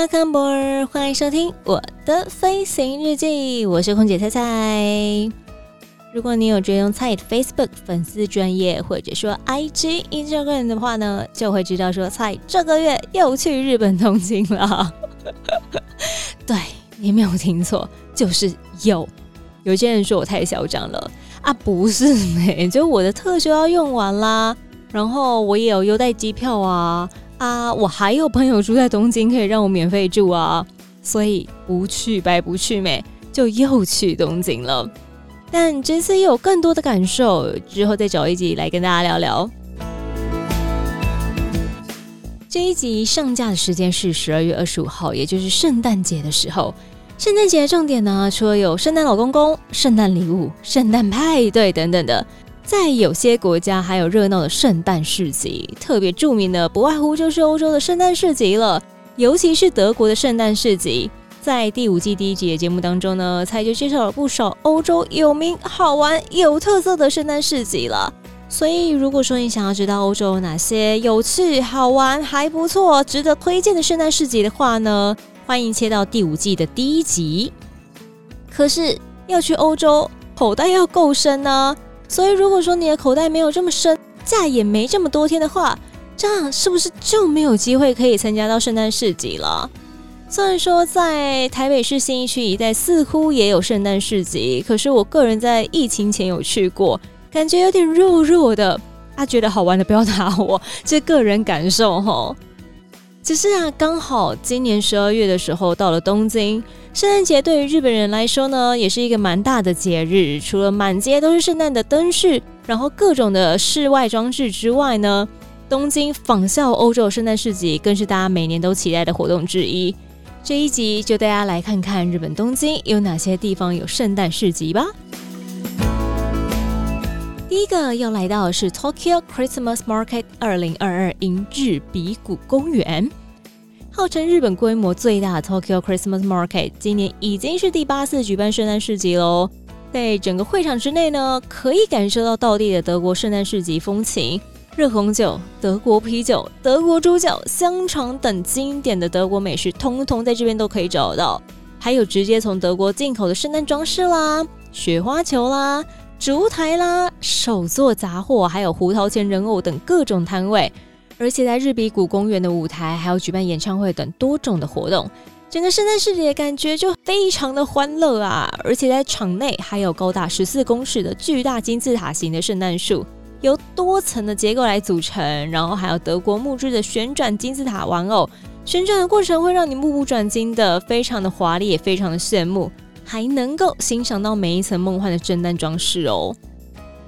哈康博，歡迎收聽我的飛行日記，我是空姐菜菜。如果你有追用菜的 Facebook 粉絲專頁，或者說 IG Instagram 的話呢，就會知道說菜這個月又去日本東京了。 對，你沒有聽錯，就是又。有些人說我太囂張了啊，不是沒、欸，就我的特休要用完啦，然後我也有優待機票啊。啊，我還有朋友住在東京，可以讓我免費住啊，所以不去白不去美，沒就又去東京了。但這次也有更多的感受，之後再找一集來跟大家聊聊。這一集上架的時間是十二月二十五號，也就是聖誕節的時候。聖誕節的重點呢，除了有聖誕老公公、聖誕禮物、聖誕派對等等的。在有些國家還有熱鬧的聖誕市集，特別著名的不外乎就是歐洲的聖誕市集了，尤其是德國的聖誕市集。在第五季第一集的節目當中呢，蔡就介紹了不少歐洲有名、好玩、有特色的聖誕市集了。所以，如果說你想要知道歐洲有哪些有趣、好玩、還不錯、值得推薦的聖誕市集的話呢，歡迎切到第五季的第一集。可是要去歐洲，口袋要夠深呢、啊。所以，如果說你的口袋沒有這麼深，假也沒這麼多天的話，這樣是不是就沒有機會可以參加到聖誕市集了？雖然說在台北市信義區一帶似乎也有聖誕市集，可是我個人在疫情前有去過，感覺有點弱弱的。啊，覺得好玩的不要打我，這個人感受吼。只是啊，剛好今年十二月的時候到了東京，聖誕節對於日本人來說呢，也是一個蠻大的節日。除了滿街都是聖誕的燈飾，然後各種的室外裝置之外呢，東京仿效歐洲聖誕市集，更是大家每年都期待的活動之一。這一集就帶大家來看看日本東京有哪些地方有聖誕市集吧。第一個要來到的是 Tokyo Christmas Market 二零二二 in 日比谷公園，號稱日本規模最大的 Tokyo Christmas Market，今年已經是第八次舉辦聖誕市集嘍。在整個會場之內呢，可以感受到道地的德國聖誕市集風情，熱紅酒、德國啤酒、德國豬腳、香腸等經典的德國美食，通通在這邊都可以找到。還有直接從德國進口的聖誕裝飾啦，雪花球啦。燭台啦、手作雜貨，還有胡桃鉗人偶等各種攤位，而且在日比谷公園的舞台還有舉辦演唱會等多種的活動，整個聖誕市集的感覺就非常的歡樂啊！而且在場內還有高達十四公尺的巨大金字塔型的聖誕樹，由多層的結構來組成，然後還有德國木質的旋轉金字塔玩偶，旋轉的過程會讓你目不轉睛的，非常的華麗，也非常的炫目。還能夠欣賞到每一層夢幻的聖誕裝飾哦。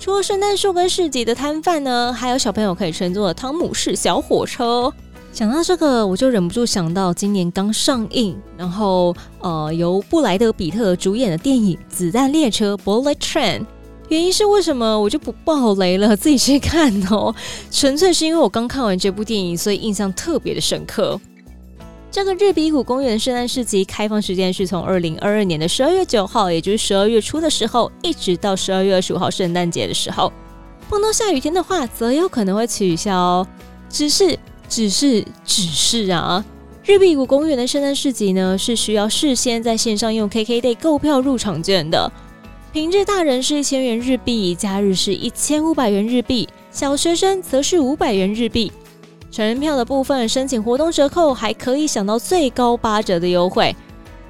除了聖誕樹跟市集的攤販呢，還有小朋友可以乘坐的湯姆士小火車。想到這個，我就忍不住想到今年剛上映，然後呃由布萊德彼特主演的電影《子彈列車》Bullet Train。原因是為什麼？我就不爆雷了，自己去看哦。純粹是因為我剛看完這部電影，所以印象特別的深刻。這個日比谷公園的聖誕市集開放時間是從二零二二年的十二月九號，也就是十二月初的時候，一直到十二月二十五號聖誕節的時候。碰到下雨天的話，則有可能會取消哦。只是，只是，只是啊！日比谷公園的聖誕市集呢，是需要事先在線上用 KK Day 購票入場券的。平日大人是一千元日幣，假日是一千五百元日幣，小學生則是五百元日幣。成人票的部分申請活動折扣，還可以享到最高八折的優惠。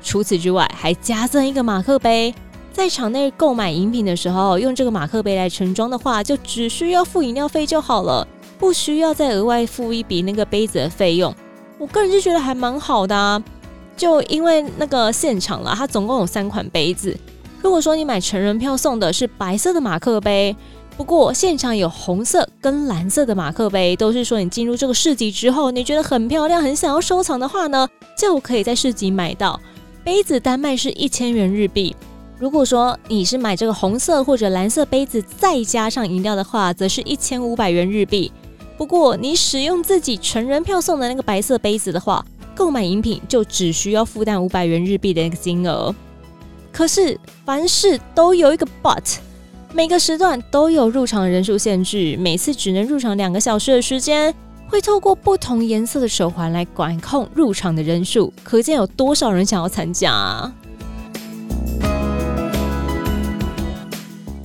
除此之外，還加贈一個馬克杯。在場內購買飲品的時候，用這個馬克杯來盛裝的話，就只需要付飲料費就好了，不需要再額外付一筆那個杯子的費用。我個人就覺得還蠻好的啊，就因為那個現場了，它總共有三款杯子。如果說你買成人票送的是白色的馬克杯。不過，現場有紅色跟藍色的馬克杯，都是說你進入這個市集之後，你覺得很漂亮，很想要收藏的話呢，就可以在市集買到杯子，單賣是一千元日幣。如果說你是買這個紅色或者藍色杯子，再加上飲料的話，則是一千五百元日幣。不過，你使用自己成人票送的那個白色杯子的話，購買飲品就只需要負擔五百元日幣的那個金額。可是，凡事都有一個 but。每個時段都有入場的人數限制，每次只能入場兩個小時的時間，會透過不同顏色的手環來管控入場的人數，可見有多少人想要參加啊？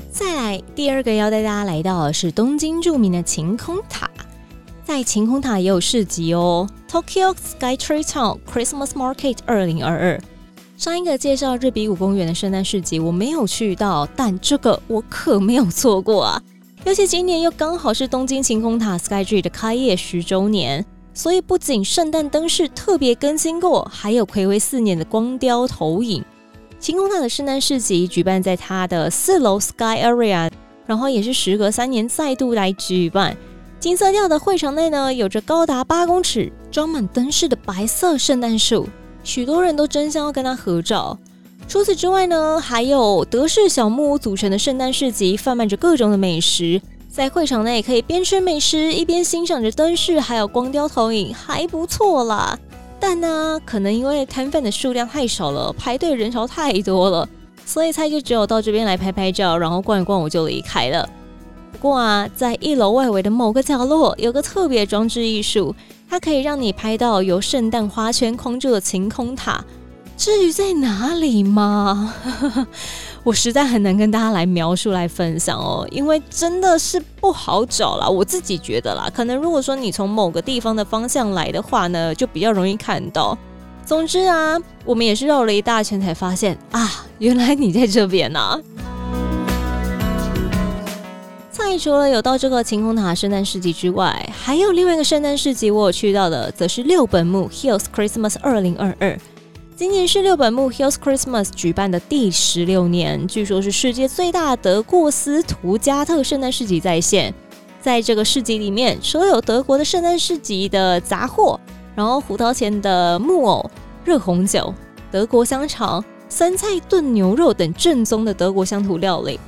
再來，第二個要帶大家來到的是東京著名的晴空塔，在晴空塔也有市集哦，Tokyo Skytree Town Christmas Market 二零二二。上一個介紹日比谷公園的聖誕市集，我沒有去到，但這個我可沒有錯過啊！尤其今年又剛好是東京晴空塔 Skytree 的開業十周年，所以不僅聖誕燈飾特別更新過，還有暌違四年的光雕投影。晴空塔的聖誕市集舉辦在它的四樓 Sky Area，然後也是時隔三年再度來舉辦。金色調的會場內呢，有着高達八公尺、裝滿燈飾的白色聖誕樹。許多人都爭相要跟他合照。除此之外呢，還有德式小木屋組成的聖誕市集，販賣着各種的美食。在會場內可以邊吃美食，一邊欣賞着燈飾，還有光雕投影，還不錯啦。但呢，可能因為攤販的數量太少了，排隊人潮太多了，所以才就只有到這邊來拍拍照，然後逛一逛我就離開了。不過啊，在一樓外圍的某個角落，有個特別裝置藝術。它可以讓你拍到由聖誕花圈框住的晴空塔，至於在哪裡嗎？ 我實在很難跟大家來描述、來分享哦，因為真的是不好找了。我自己覺得啦，可能如果說你從某個地方的方向來的話呢，就比較容易看到。總之啊，我們也是繞了一大圈才發現啊，原來你在這邊吶。除了有到這個晴空塔聖誕市集之外，還有另外一個聖誕市集我有去到的，則是六本木 Hills Christmas 二零二二。今年是六本木 Hills Christmas 舉辦的第十六年，據說是世界最大的德國斯圖加特聖誕市集再現。在這個市集裡面，所有德國的聖誕市集的雜貨，然後胡桃鉗的木偶、熱紅酒、德國香腸、酸菜燉牛肉等正宗的德國鄉土料理。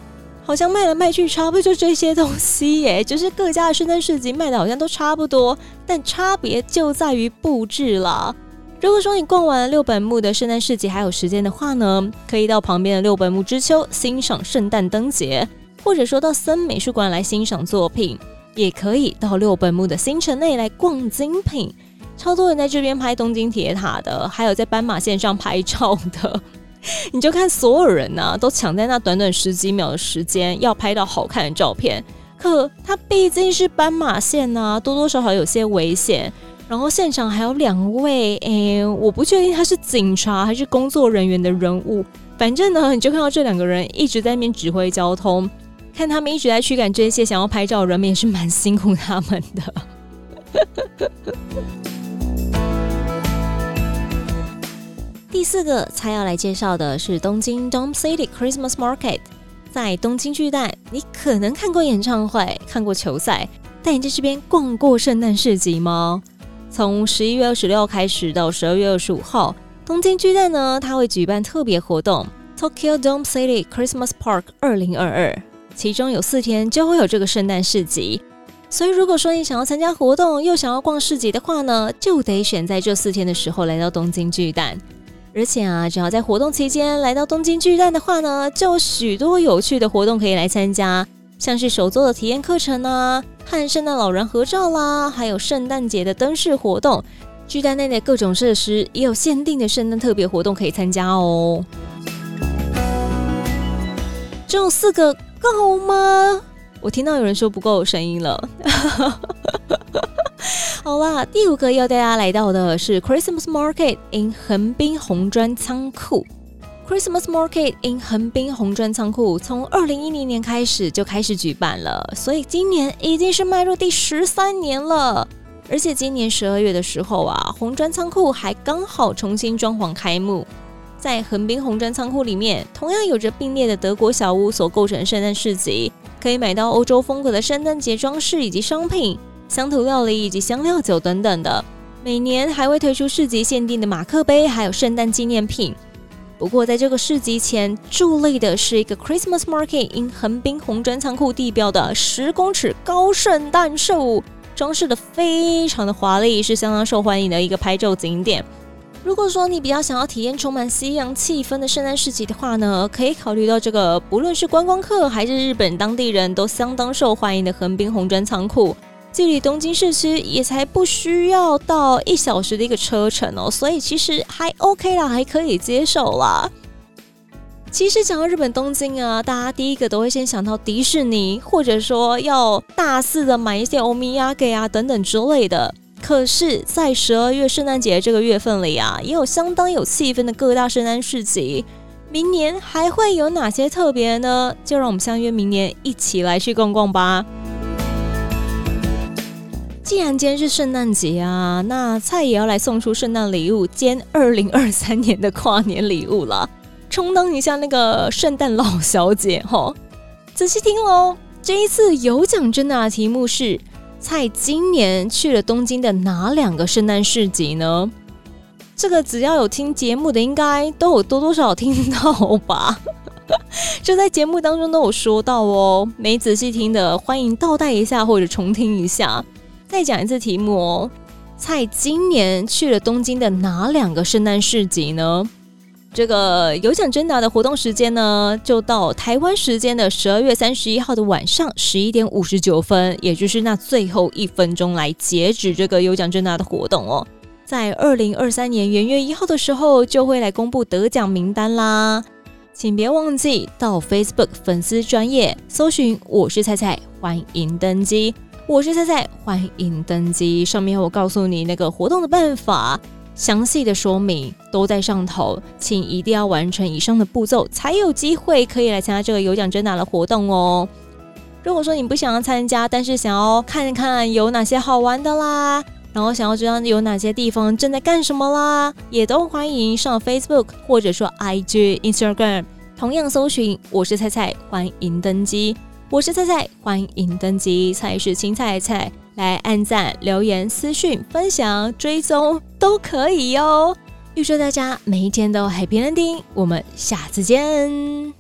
好像賣來賣去差不多就這些東西耶，就是各家的聖誕市集賣的好像都差不多，但差別就在於布置了。如果說你逛完了六本木的聖誕市集還有時間的話呢，可以到旁邊的六本木之丘欣賞聖誕燈節，或者說到森美術館來欣賞作品，也可以到六本木的新城內來逛精品。超多人在這邊拍東京鐵塔的，還有在斑馬線上拍照的。 你就看所有人呢、啊、都搶在那短短十幾秒的時間要拍到好看的照片。可他畢竟是斑馬線呐、啊，多多少少有些危險。然後現場還有兩位、欸，我不確定他是警察還是工作人員的人物。反正呢，你就看到這兩個人一直在那邊指揮交通，看他們一直在驅趕這些想要拍照的人們，也是蠻辛苦他們的。 第四個，才要來介紹的是東京 Dome City Christmas Market。在東京巨蛋，你可能看過演唱會、看過球賽，但你在這邊逛過聖誕市集嗎？從十一月二十六開始到十二月二十五號，東京巨蛋呢，它會舉辦特別活動 Tokyo Dome City Christmas Park 二零二二，其中有四天就會有這個聖誕市集。所以，如果說你想要參加活動又想要逛市集的話呢，就得選在這四天的時候來到東京巨蛋。而且啊，只要在活動期間來到東京巨蛋的話呢，就有許多有趣的活動可以來參加，像是手作的體驗課程啊，和聖誕老人合照啦，還有聖誕節的燈飾活動。巨蛋內的各種設施也有限定的聖誕特別活動可以參加哦。只有四個，夠嗎？我聽到有人說不夠聲音了。 好啦，第五個要帶大家來到的是 Christmas Market in 橫濱紅磚倉庫。Christmas Market in 橫濱紅磚倉庫從二零一零年開始就開始舉辦了，所以今年已經是邁入第十三年了。而且今年十二月的時候啊，紅磚倉庫還剛好重新裝潢開幕。在橫濱紅磚倉庫裡面，同樣有着並列的德國小屋所構成的聖誕市集，可以買到歐洲風格的聖誕節裝飾以及商品。鄉土料理以及香料酒等等的，每年還會推出市集限定的馬克杯，還有聖誕紀念品。不過在這個市集前佇立的是一個 Christmas Market in 橫濱紅磚倉庫地標的十公尺高聖誕樹，裝飾的非常的華麗，是相當受歡迎的一個拍照景點。如果說你比較想要體驗充滿西洋氣氛的聖誕市集的話呢，可以考慮到這個不論是觀光客還是日本當地人都相當受歡迎的橫濱紅磚倉庫。距離東京市區也才不需要到一小時的一個車程喔，所以其實還 OK 啦，還可以接受啦。其實講到日本東京啊，大家第一個都會先想到迪士尼，或者說要大肆的買一些歐米亞給啊等等之類的。可是，在十二月聖誕節這個月份裡啊，也有相當有氣氛的各大聖誕市集。明年還會有哪些特別呢？就讓我們相約明年一起來去逛逛吧。既然今天是聖誕節啊，那菜也要來送出聖誕禮物兼二零二三年的跨年禮物啦，充當一下那個聖誕老小姐哈、哦。仔細聽嘍，這一次有獎徵答的題目是：菜今年去了東京的哪兩個聖誕市集呢？這個只要有聽節目的，應該都有多多少聽到吧。 就在節目當中都有說到哦，沒仔細聽的，歡迎倒帶一下或者重聽一下。再講一次題目哦，菜今年去了東京的哪兩個聖誕市集呢？這個有獎徵答的活動時間呢，就到台灣時間的十二月三十一號的晚上十一點五十九分，也就是那最後一分鐘來截止這個有獎徵答的活動哦。在二零二三年元月一號的時候，就會來公布得獎名單啦，請別忘記到 Facebook 粉絲專頁搜尋“我是菜菜”，歡迎登機。我是菜菜，歡迎登機。上面我告訴你那個活動的辦法，詳細的說明都在上頭，請一定要完成以上的步驟，才有機會可以來參加這個有獎徵答的活動哦。如果說你不想要參加，但是想要看看有哪些好玩的啦，然後想要知道有哪些地方正在幹什麼啦，也都歡迎上 Facebook 或者說 IG Instagram，同樣搜尋我是菜菜，歡迎登機。我是菜菜，歡迎登機。菜是青菜菜，來按讚、留言、私訊、分享、追蹤都可以喲。預祝大家每一天都 happy ending，我們下次見。